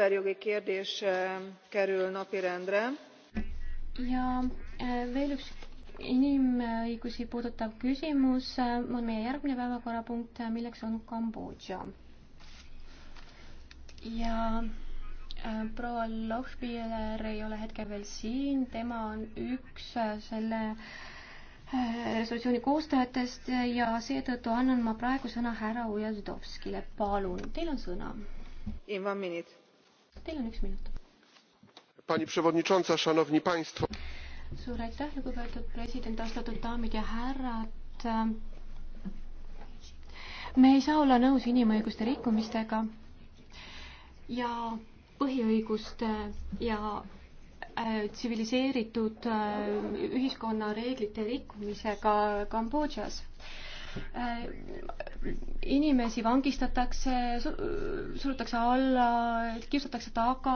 emberjogi kérdés eh, kerül napirendre. ja eh, veel üks inimõigusi puudutav küsimus eh, on meie järgmine päevakorrapunkt, milleks on Kambodža. ja proua Lohbiller ei ole hetkel veel siin, tema on üks selle resolutsiooni koostajatest ja seetõttu annan ma praegu sõna härra Ujazdovskile, palun, teil on sõna. Teil on üks minut. Pani przewodnicząca, szanowni państwo. suur aitäh, lugupeetud president, austatud daamid ja härrad. me ei saa olla nõus inimõiguste rikkumistega ja põhiõiguste ja äh, tsiviliseeritud äh, ühiskonna reeglite rikkumisega Kambodžas Äh, inimesi vangistatakse, surutakse alla, kiusatakse taga,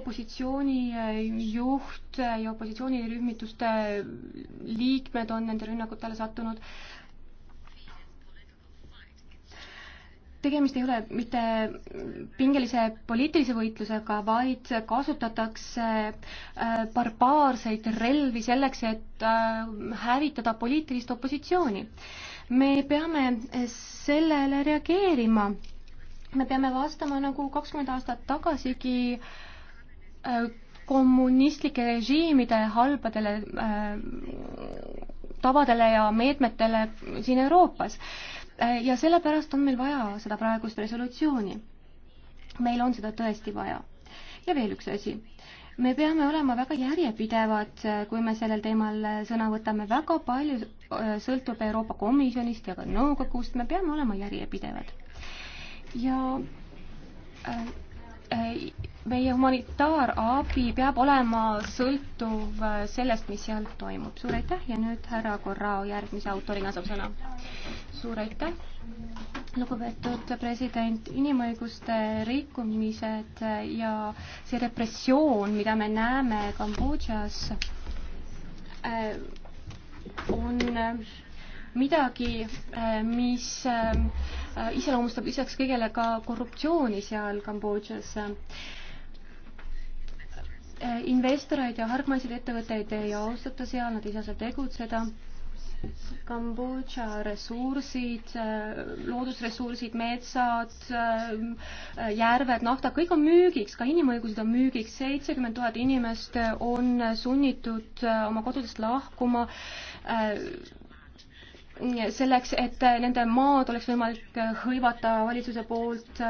opositsiooni äh, juht ja opositsioonirühmituste liikmed on nende rünnakutele sattunud. tegemist ei ole mitte pingelise poliitilise võitlusega, vaid kasutatakse äh, barbaarseid relvi selleks, et hävitada poliitilist opositsiooni me peame eh, sellele reageerima. me peame vastama nagu kakskümmend aastat tagasigi eh, kommunistlike režiimide halbadele eh, tavadele ja meetmetele siin Euroopas. ja sellepärast on meil vaja seda praegust resolutsiooni. meil on seda tõesti vaja. ja veel üks asi me peame olema väga järjepidevad, äh, kui me sellel teemal äh, sõna võtame, väga palju äh, sõltub Euroopa Komisjonist ja ka nõukogust, me peame olema järjepidevad. ja äh, meie humanitaarabi peab olema sõltuv sellest, mis seal toimub. suur aitäh ja nüüd härra Korrao järgmise autorina saab sõna. suur aitäh, lugupeetud president, inimõiguste rikkumised ja see repressioon, mida me näeme Kambodžas, äh, on midagi, äh, mis äh, iseloomustab lisaks kõigele ka korruptsiooni seal Kambodžas. Äh, investoreid ja hargmaiseid ettevõtteid ei austata seal, nad ei saa seal tegutseda Kambodža ressursid, loodusressursid, metsad, järved, nafta, kõik on müügiks, ka inimõigused on müügiks, seitsekümmend tuhat inimest on sunnitud oma kodudest lahkuma selleks, et nende maad oleks võimalik hõivata valitsuse poolt.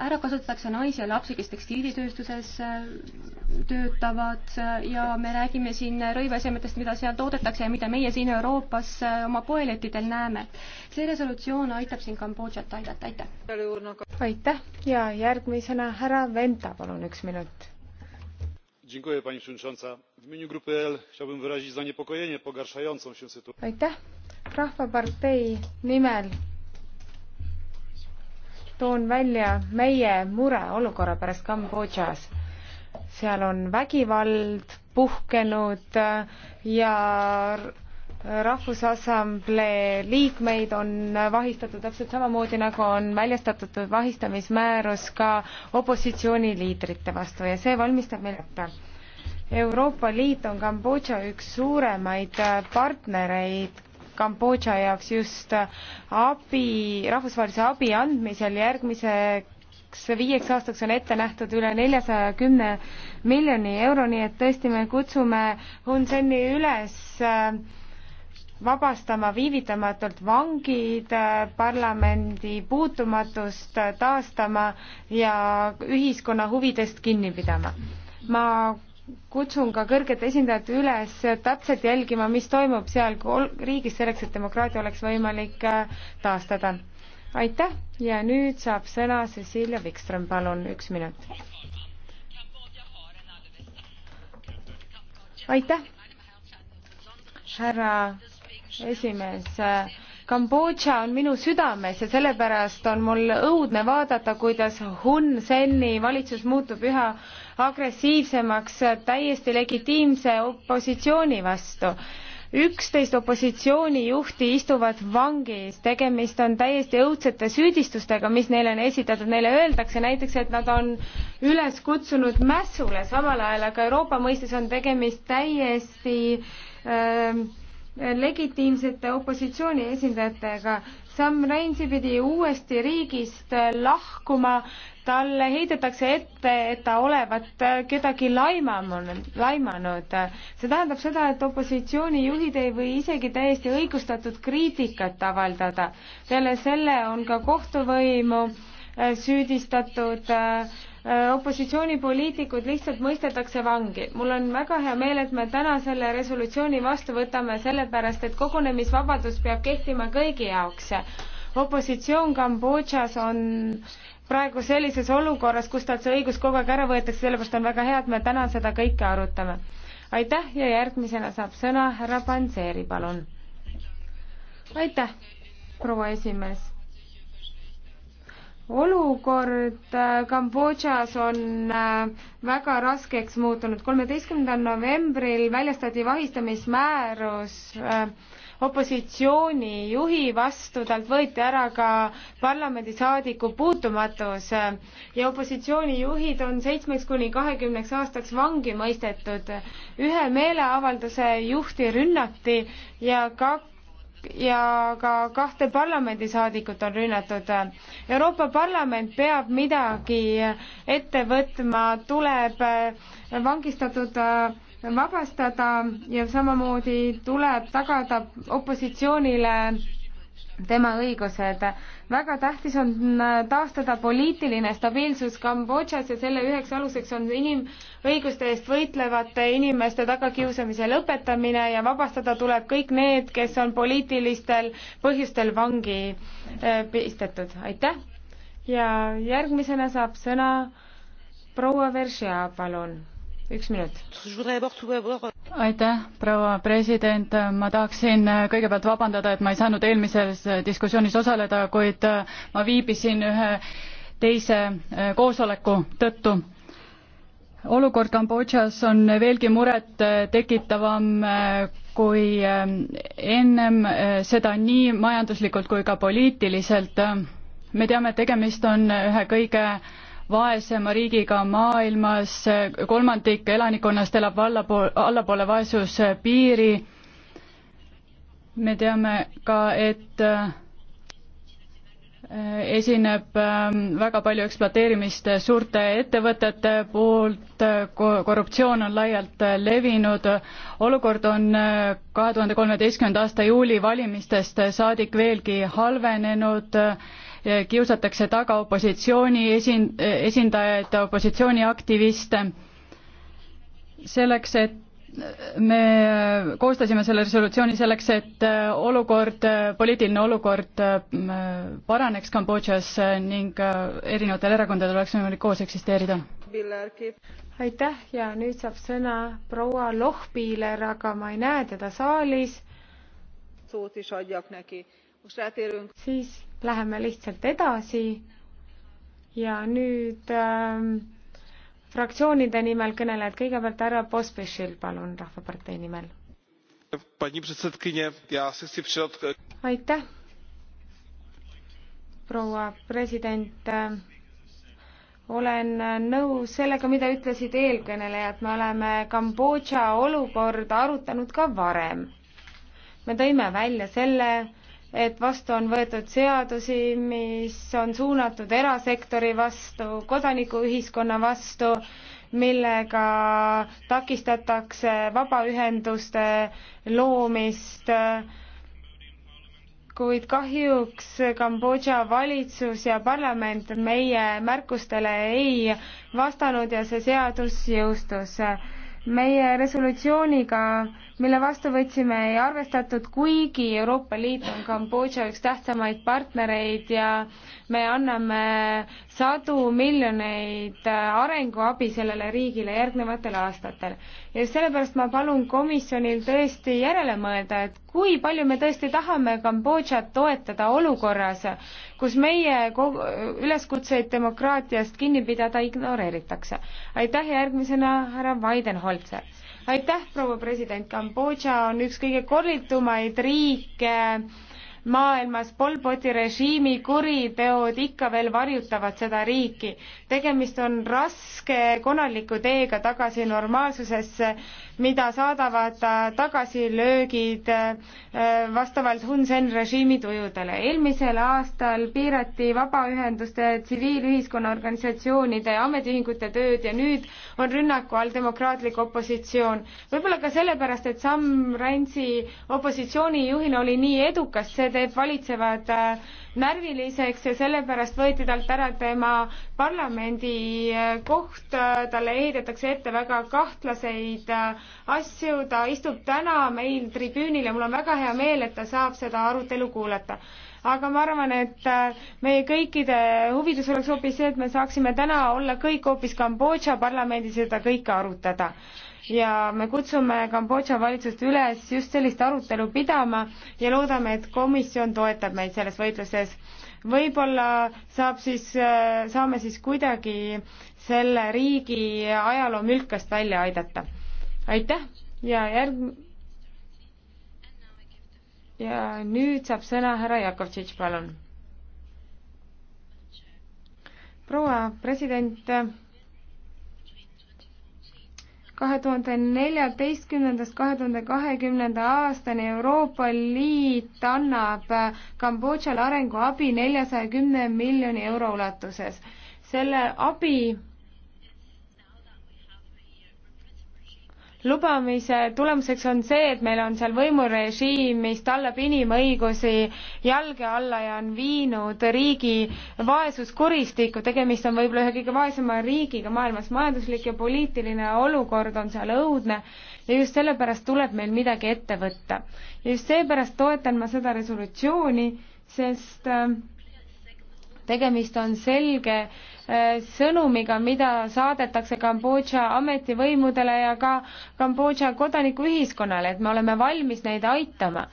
ära kasutatakse naisi ja lapsi, kes tekstiilitööstuses äh, töötavad äh, ja me räägime siin rõivaesemetest, mida seal toodetakse ja mida meie siin Euroopas äh, oma poelettidel näeme. see resolutsioon aitab siin Kambodžat aidata, aitäh. aitäh ja järgmisena härra Venta, palun üks minut pani przewodnicząca! w imieniu grupy ecr chciałbym wyrazić zaniepokojenie pogarszającą się sytuacją. Rahvapartei nimel toon välja meie mure olukorra pärast Kambodžas. seal on vägivald puhkenud ja rahvusassamblee liikmeid on vahistatud täpselt samamoodi, nagu on väljastatud vahistamismäärus ka opositsiooniliidrite vastu ja see valmistab meile ette. Euroopa Liit on Kambodža üks suuremaid partnereid Kambodža jaoks just abi, rahvusvahelise abi andmisel järgmiseks viieks aastaks on ette nähtud üle neljasaja kümne miljoni euro, nii et tõesti me kutsume Hun Seni üles äh, vabastama viivitamatult vangid, äh, parlamendi puutumatust äh, taastama ja ühiskonna huvidest kinni pidama. ma kutsun ka kõrget esindajat üles täpselt jälgima, mis toimub seal riigis, selleks et demokraatia oleks võimalik äh, taastada. aitäh ja nüüd saab sõna Cecilia Wikström, palun, üks minut. aitäh, härra esimees Kambodža on minu südames ja sellepärast on mul õudne vaadata, kuidas Hun Seni valitsus muutub üha agressiivsemaks täiesti legitiimse opositsiooni vastu üksteist opositsioonijuhti istuvad vangis, tegemist on täiesti õudsete süüdistustega, mis neile on esitatud, neile öeldakse näiteks, et nad on üles kutsunud mässule, samal ajal aga Euroopa mõistes on tegemist täiesti äh, legitiimsete opositsiooni esindajatega. Sam Rainsi pidi uuesti riigist lahkuma, talle heidetakse ette, et ta olevat kedagi laimanud, laimanud. see tähendab seda, et opositsioonijuhid ei või isegi täiesti õigustatud kriitikat avaldada. peale selle on ka kohtuvõimu süüdistatud äh, Äh, opositsioonipoliitikud lihtsalt mõistetakse vangi. mul on väga hea meel, et me täna selle resolutsiooni vastu võtame, sellepärast et kogunemisvabadus peab kehtima kõigi jaoks. opositsioon Kambodžas on praegu sellises olukorras, kus talt see õigus kogu aeg ära võetakse, sellepärast on väga hea, et me täna seda kõike arutame. aitäh ja järgmisena saab sõna härra Panseri, palun. aitäh, proua esimees olukord äh, Kambodžas on äh, väga raskeks muutunud. kolmeteistkümnendal novembril väljastati vahistamismäärus äh, opositsioonijuhi vastu, talt võeti ära ka parlamendisaadiku puutumatus ja opositsioonijuhid on seitsmeks kuni kahekümneks aastaks vangi mõistetud. ühe meeleavalduse juhti rünnati ja kaks ja ka kahte parlamendisaadikut on rünnatud. Euroopa Parlament peab midagi ette võtma, tuleb vangistatud vabastada ja samamoodi tuleb tagada opositsioonile tema õigused. väga tähtis on äh, taastada poliitiline stabiilsus Kambodžas ja selle üheks aluseks on inimõiguste eest võitlevate inimeste tagakiusamise lõpetamine ja vabastada tuleb kõik need, kes on poliitilistel põhjustel vangi äh, pistetud. aitäh! ja järgmisena saab sõna proua Veržea, palun üks minut. Euh, aitäh, proua president, ma tahaksin äh, kõigepealt vabandada, et ma ei saanud eelmises äh, diskussioonis osaleda, kuid äh, ma viibisin ühe teise koosoleku tõttu olukord Kambodžas on veelgi muret tekitavam kui ennem, seda nii majanduslikult kui ka poliitiliselt. me teame, et tegemist on ühe kõige vaesema riigiga maailmas, kolmandik elanikkonnast elab allapool, allapoole vaesuspiiri. me teame ka, et äh, esineb ähm, väga palju ekspluateerimist suurte ettevõtete poolt, korruptsioon on laialt levinud, olukord on äh, kahe tuhande kolmeteistkümnenda aasta juuli valimistest saadik veelgi halvenenud kiusatakse taga opositsiooni esin-, esindajaid, opositsiooniaktiviste. selleks, et me koostasime selle resolutsiooni selleks, et olukord, poliitiline olukord mm, paraneks Kambodžas ning erinevatel erakondadel oleks võimalik koos eksisteerida. aitäh ja nüüd saab sõna proua Lohpiiler, aga ma ei näe teda saalis siis läheme lihtsalt edasi ja nüüd äh, fraktsioonide nimel kõnelejad, kõigepealt härra Pospešil, palun, Rahvapartei nimel. aitäh, proua president olen nõus sellega, mida ütlesid eelkõnelejad, me oleme Kambodža olukorda arutanud ka varem. me tõime välja selle, et vastu on võetud seadusi, mis on suunatud erasektori vastu, kodanikuühiskonna vastu, millega takistatakse vabaühenduste loomist, kuid kahjuks Kambodža valitsus ja parlament meie märkustele ei vastanud ja see seadus jõustus meie resolutsiooniga, mille vastu võtsime, ei arvestatud, kuigi Euroopa Liit on Kambodža üks tähtsamaid partnereid ja me anname sadu miljoneid arenguabi sellele riigile järgnevatel aastatel. ja sellepärast ma palun komisjonil tõesti järele mõelda, et kui palju me tõesti tahame Kambodžat toetada olukorras, kus meie üleskutseid demokraatiast kinni pidada ignoreeritakse. aitäh ja järgmisena härra Weidenholzer. aitäh, proua president, Kambodža on üks kõige korritumaid riike maailmas Polpoti režiimi kuriteod ikka veel varjutavad seda riiki. tegemist on raske konaliku teega tagasi normaalsusesse mida saadavad äh, tagasilöögid äh, vastavalt Hun Sen režiimi tujudele. eelmisel aastal piirati vabaühenduste, tsiviilühiskonna organisatsioonide ja ametiühingute tööd ja nüüd on rünnaku all demokraatlik opositsioon. võib-olla ka sellepärast, et Sam Rainsy opositsioonijuhina oli nii edukas, see teeb valitsevad äh, närviliseks ja sellepärast võeti talt ära tema parlamendi eh, koht, talle heidetakse ette väga kahtlaseid eh, asju, ta istub täna meil tribüünil ja mul on väga hea meel, et ta saab seda arutelu kuulata aga ma arvan, et eh, meie kõikide huvides oleks hoopis see, et me saaksime täna olla kõik hoopis Kambodža parlamendis ja seda kõike arutada ja me kutsume Kambodža valitsust üles just sellist arutelu pidama ja loodame, et komisjon toetab meid selles võitluses. võib-olla saab siis, äh, saame siis kuidagi selle riigi ajaloo mülkast välja aidata. aitäh ja järg- ja nüüd saab sõna härra Jakovtšitš, palun. proua president kahe tuhande neljateistkümnendast kahe tuhande kahekümnenda aastani Euroopa Liit annab Kambodžale arenguabi neljasaja kümne miljoni euro ulatuses. selle abi lubamise tulemuseks on see, et meil on seal võimurežiim, mis tallab inimõigusi jalge alla ja on viinud riigi vaesuskuristikku, tegemist on võib-olla ühe kõige vaesema riigiga maailmas, majanduslik ja poliitiline olukord on seal õudne ja just sellepärast tuleb meil midagi ette võtta. ja just seepärast toetan ma seda resolutsiooni, sest äh, tegemist on selge äh, Eh, sõnumiga, mida saadetakse Kambodža ametivõimudele ja ka Kambodža kodanikuühiskonnale, et me oleme valmis neid aitama.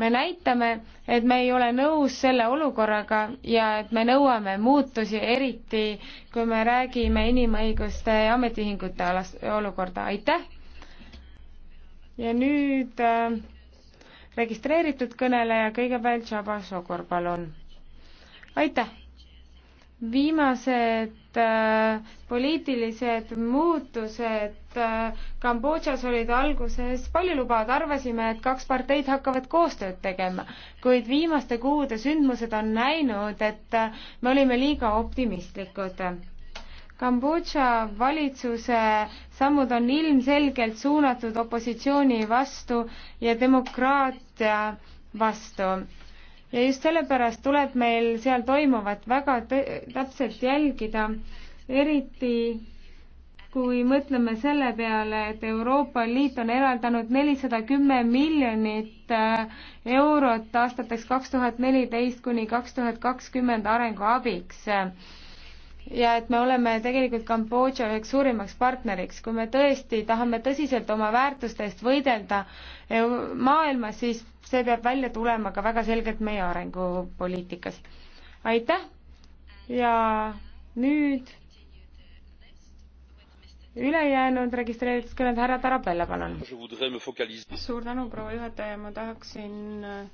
me näitame, et me ei ole nõus selle olukorraga ja et me nõuame muutusi, eriti kui me räägime inimõiguste ja ametiühingute alast olukorda, aitäh! ja nüüd äh, registreeritud kõneleja, kõigepealt Shaba Sokor, palun! aitäh! viimased äh, poliitilised muutused äh, Kambodžas olid alguses paljulubavad, arvasime, et kaks parteid hakkavad koostööd tegema, kuid viimaste kuude sündmused on näinud, et äh, me olime liiga optimistlikud. Kambodža valitsuse sammud on ilmselgelt suunatud opositsiooni vastu ja demokraatia vastu ja just sellepärast tuleb meil seal toimuvat väga täpselt jälgida, eriti kui mõtleme selle peale, et Euroopa Liit on eraldanud nelisada kümme miljonit äh, eurot aastateks kaks tuhat neliteist kuni kaks tuhat kakskümmend arenguabiks ja et me oleme tegelikult Kambodža üheks suurimaks partneriks. kui me tõesti tahame tõsiselt oma väärtuste eest võidelda maailmas, siis see peab välja tulema ka väga selgelt meie arengupoliitikas. aitäh ja nüüd ülejäänud registreeritud kõned, härra Tarabella, palun. suur tänu, proua juhataja, ma tahaksin äh,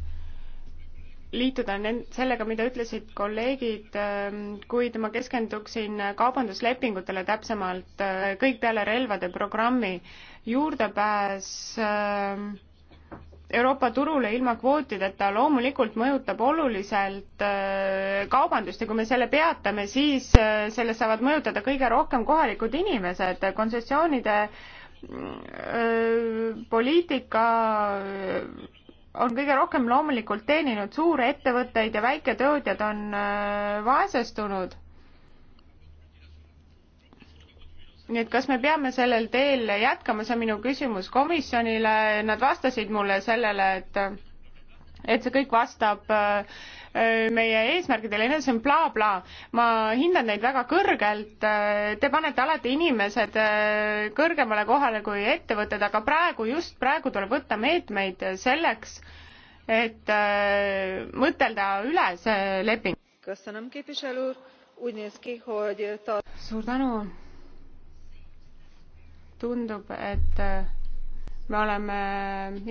liituda nend-, sellega, mida ütlesid kolleegid, ähm, kuid ma keskenduksin kaubanduslepingutele täpsemalt, äh, kõik peale relvade programmi, juurdepääs ähm, Euroopa turule ilma kvootideta loomulikult mõjutab oluliselt äh, kaubandust ja kui me selle peatame, siis äh, sellest saavad mõjutada kõige rohkem kohalikud inimesed, kontsessioonide mm, poliitika on kõige rohkem loomulikult teeninud suurettevõtteid ja väiketöötajad on äh, vaesestunud. nii et kas me peame sellel teel jätkama, see on minu küsimus komisjonile, nad vastasid mulle sellele, et et see kõik vastab äh, äh, meie eesmärgidele ja nii edasi, see on blablabla. ma hindan neid väga kõrgelt, äh, te panete alati inimesed kõrgemale kohale kui ettevõtted, aga praegu, just praegu tuleb võtta meetmeid selleks, et mõtelda üle see leping. suur tänu. tundub, et me oleme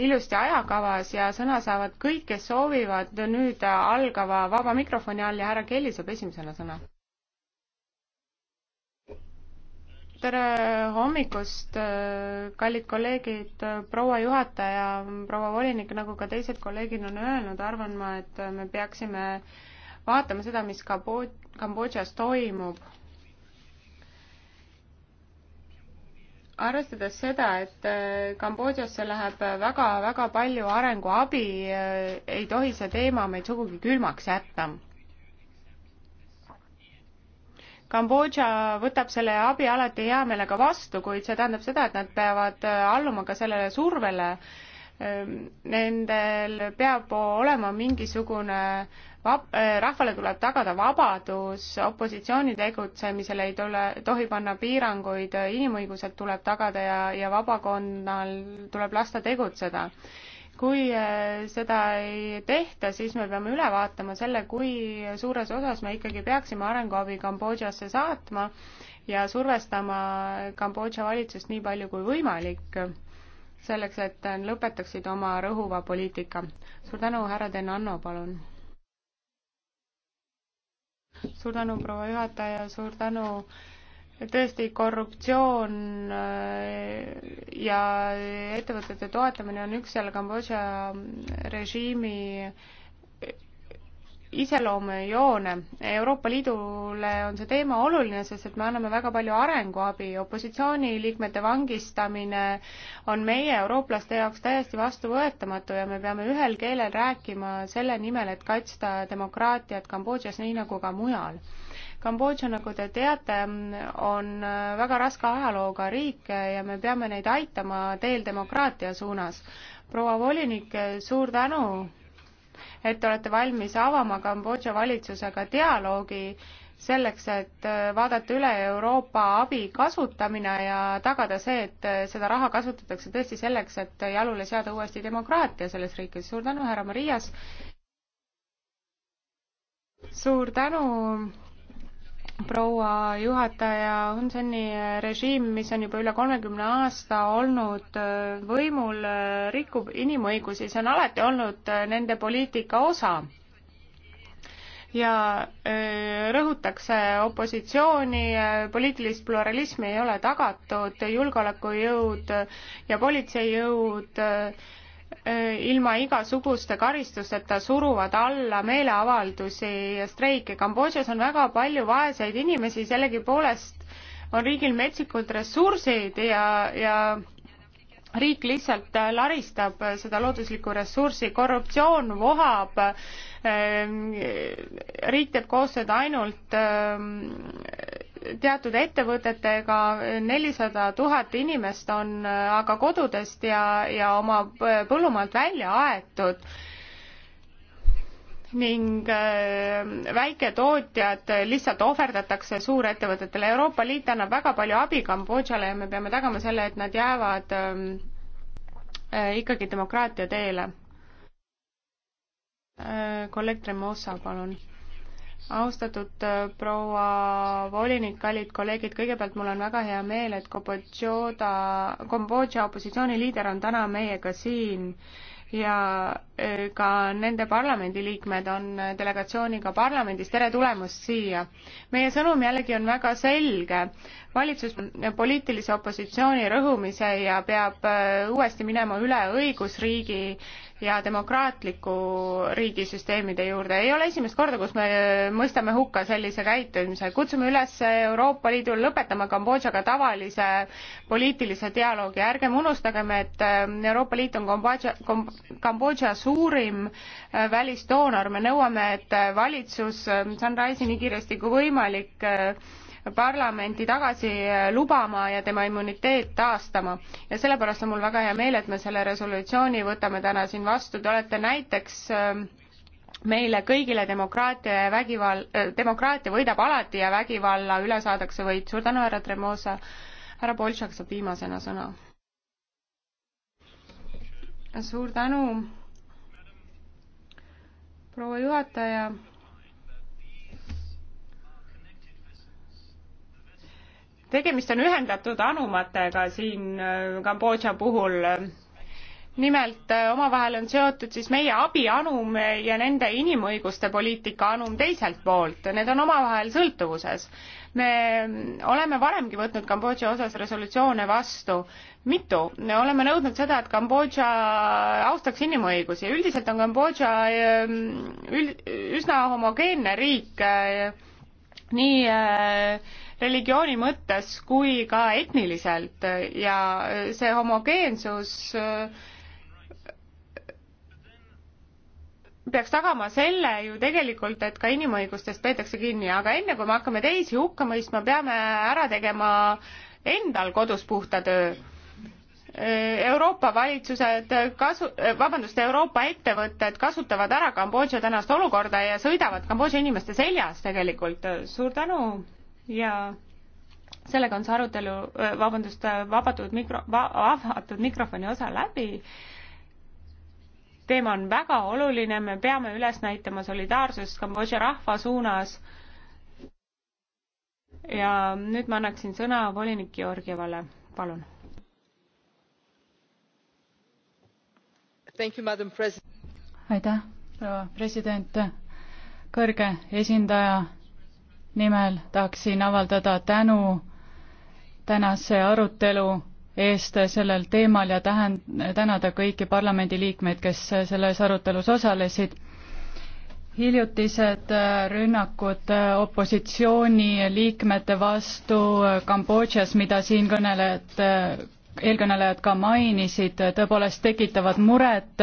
ilusti ajakavas ja sõna saavad kõik, kes soovivad nüüd algava vaba mikrofoni all ja härra Kelly saab esimesena sõna. tere hommikust, kallid kolleegid, proua juhataja, proua volinik, nagu ka teised kolleegid on öelnud, arvan ma, et me peaksime vaatama seda, mis Kambodžas toimub arvestades seda, et äh, Kambodžasse läheb väga-väga palju arenguabi, äh, ei tohi see teema meid sugugi külmaks jätta. Kambodža võtab selle abi alati hea meelega vastu, kuid see tähendab seda, et nad peavad äh, alluma ka sellele survele, Ehm, nendel peab olema mingisugune vab-, eh, rahvale tuleb tagada vabadus, opositsiooni tegutsemisele ei tule, tohi panna piiranguid, inimõigused tuleb tagada ja, ja vabakonnal tuleb lasta tegutseda. kui eh, seda ei tehta, siis me peame üle vaatama selle, kui suures osas me ikkagi peaksime arenguabi Kambodžasse saatma ja survestama Kambodža valitsust nii palju kui võimalik selleks, et lõpetaksid oma rõhuva poliitika. suur tänu, härra Denanno, palun. suur tänu, proua juhataja, suur tänu tõesti, korruptsioon äh, ja ettevõtete toetamine on üks selle Kambodža režiimi iseloomujoone. Euroopa Liidule on see teema oluline, sest et me anname väga palju arenguabi. opositsiooniliikmete vangistamine on meie, eurooplaste jaoks täiesti vastuvõetamatu ja me peame ühel keelel rääkima selle nimel, et kaitsta demokraatiat Kambodžas nii nagu ka mujal. Kambodža, nagu te teate, on väga raske ajalooga riik ja me peame neid aitama teel demokraatia suunas. proua volinik, suur tänu et te olete valmis avama Kambodža valitsusega dialoogi selleks, et äh, vaadata üle Euroopa abi kasutamine ja tagada see, et äh, seda raha kasutatakse tõesti selleks, et jalule seada uuesti demokraatia selles riigis. suur tänu, härra Marias! suur tänu! proua juhataja, Hunseni režiim, mis on juba üle kolmekümne aasta olnud äh, võimul, äh, rikub inimõigusi, see on alati olnud äh, nende poliitika osa. ja rõhutakse opositsiooni, poliitilist pluralismi ei ole tagatud, julgeolekujõud ja politseijõud Äh, ilma igasuguste karistusteta suruvad alla meeleavaldusi ja streike. Kambodžas on väga palju vaeseid inimesi, sellegipoolest on riigil metsikud ressursid ja, ja riik lihtsalt äh, laristab äh, seda looduslikku ressurssi, korruptsioon vohab, riik teeb koostööd ainult ähm, teatud ettevõtetega, nelisada tuhat inimest on äh, aga kodudest ja, ja oma põllumaalt välja aetud ning äh, väiketootjad lihtsalt ohverdatakse suurettevõtetele. Euroopa Liit annab väga palju abi Kambodžale ja me peame tagama selle, et nad jäävad ähm, äh, ikkagi demokraatia teele. kolleeg Tremosa, palun austatud äh, proua volinik, kallid kolleegid, kõigepealt mul on väga hea meel, et Kambodža opositsiooniliider on täna meiega siin ja e, ka nende parlamendiliikmed on delegatsiooniga parlamendis, tere tulemast siia. meie sõnum jällegi on väga selge, valitsus poliitilise opositsiooni rõhumise ja peab e, uuesti minema üle õigusriigi ja demokraatliku riigisüsteemide juurde. ei ole esimest korda, kus me mõistame hukka sellise käitumise. kutsume üles Euroopa Liidul lõpetama Kambodžaga tavalise poliitilise dialoogi. ärgem unustagem, et e, Euroopa Liit on Kambodža, Kamb-, Kambodža suurim äh, välisdoonor, me nõuame, et äh, valitsus äh, Sunrise'i nii kiiresti kui võimalik parlamenti tagasi lubama ja tema immuniteet taastama. ja sellepärast on mul väga hea meel, et me selle resolutsiooni võtame täna siin vastu, te olete näiteks ähm, meile kõigile demokraatia ja vägivall, demokraatia võidab alati ja vägivalla üle saadakse võit. suur tänu, härra Tremosa. härra Boltšak saab viimasena sõna suur tänu, proua juhataja. tegemist on ühendatud anumatega siin äh, Kambodža puhul nimelt äh, omavahel on seotud siis meie abianum ja nende inimõiguste poliitika anum teiselt poolt, need on omavahel sõltuvuses. me oleme varemgi võtnud Kambodža osas resolutsioone vastu, mitu, me oleme nõudnud seda, et Kambodža austaks inimõigusi, üldiselt on Kambodža ähm, üld-, üsna homogeenne riik, äh, nii äh, religiooni mõttes kui ka etniliselt ja see homogeensus äh, peaks tagama selle ju tegelikult, et ka inimõigustest peetakse kinni, aga enne kui me hakkame teisi hukka mõistma, peame ära tegema endal kodus puhta töö. Euroopa valitsused kasu-, vabandust, Euroopa ettevõtted kasutavad ära Kambodža tänast olukorda ja sõidavad Kambodža inimeste seljas tegelikult. suur tänu ja sellega on see arutelu, vabandust, vabatud mikro va,, avatud mikrofoni osa läbi teema on väga oluline, me peame üles näitama solidaarsust Kambodža rahva suunas. ja nüüd ma annaksin sõna volinik Georgievale, palun. aitäh, proua president. kõrge esindaja nimel tahaksin avaldada tänu tänase arutelu eest sellel teemal ja tähen-, tänada kõiki parlamendiliikmeid, kes selles arutelus osalesid. hiljutised äh, rünnakud äh, opositsiooniliikmete vastu äh, Kambodžas, mida siin kõnelejad, eelkõnelejad ka mainisid, tõepoolest tekitavad muret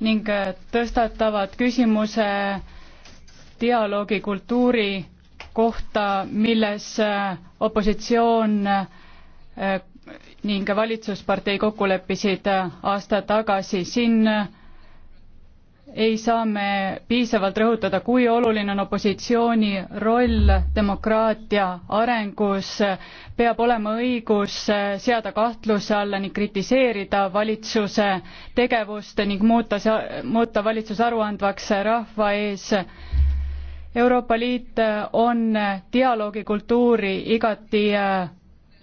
ning tõstatavad küsimuse dialoogi kultuuri kohta, milles opositsioon ning valitsuspartei kokku leppisid äh, aasta tagasi. siin äh, ei saa me piisavalt rõhutada, kui oluline on opositsiooni roll demokraatia arengus. peab olema õigus äh, seada kahtluse alla ning kritiseerida valitsuse tegevust ning muuta see, muuta valitsus aruandvaks rahva ees Euroopa Liit on dialoogikultuuri igati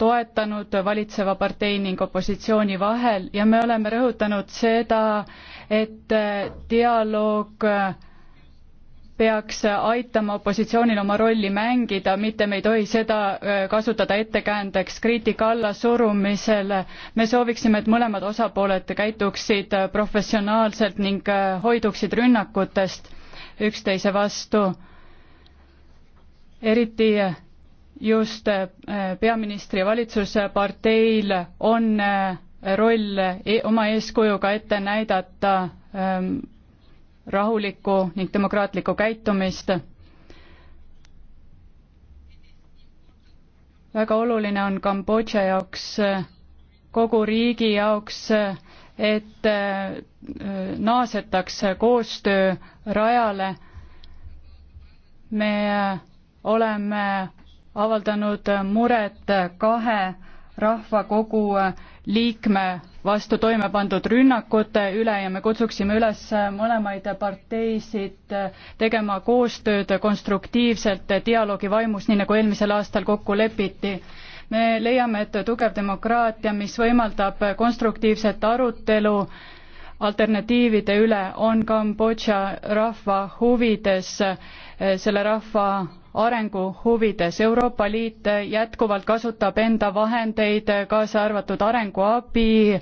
toetanud valitseva partei ning opositsiooni vahel ja me oleme rõhutanud seda, et äh, dialoog äh, peaks aitama opositsioonil oma rolli mängida, mitte me ei tohi seda äh, kasutada ettekäändeks kriitika allasurumisele. me sooviksime, et mõlemad osapooled käituksid professionaalselt ning hoiduksid rünnakutest üksteise vastu. eriti just äh, peaministri valitsusparteil on äh, roll e-, oma eeskujuga ette näidata ähm, rahulikku ning demokraatlikku käitumist. väga oluline on Kambodža jaoks, kogu riigi jaoks, et äh, naasetaks koostöö rajale. me oleme avaldanud muret kahe rahvakogu liikme vastu toime pandud rünnakute üle ja me kutsuksime üles mõlemaid parteisid tegema koostööd konstruktiivselt dialoogi vaimus, nii nagu eelmisel aastal kokku lepiti. me leiame, et tugev demokraatia, mis võimaldab konstruktiivset arutelu alternatiivide üle, on Kambodža rahva huvides, selle rahva arengu huvides. Euroopa Liit jätkuvalt kasutab enda vahendeid, kaasa arvatud arenguabi,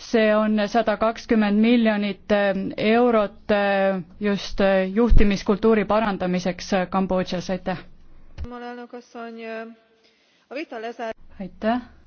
see on sada kakskümmend miljonit eurot just juhtimiskultuuri parandamiseks Kambodžas, aitäh! Nagu äh, aitäh!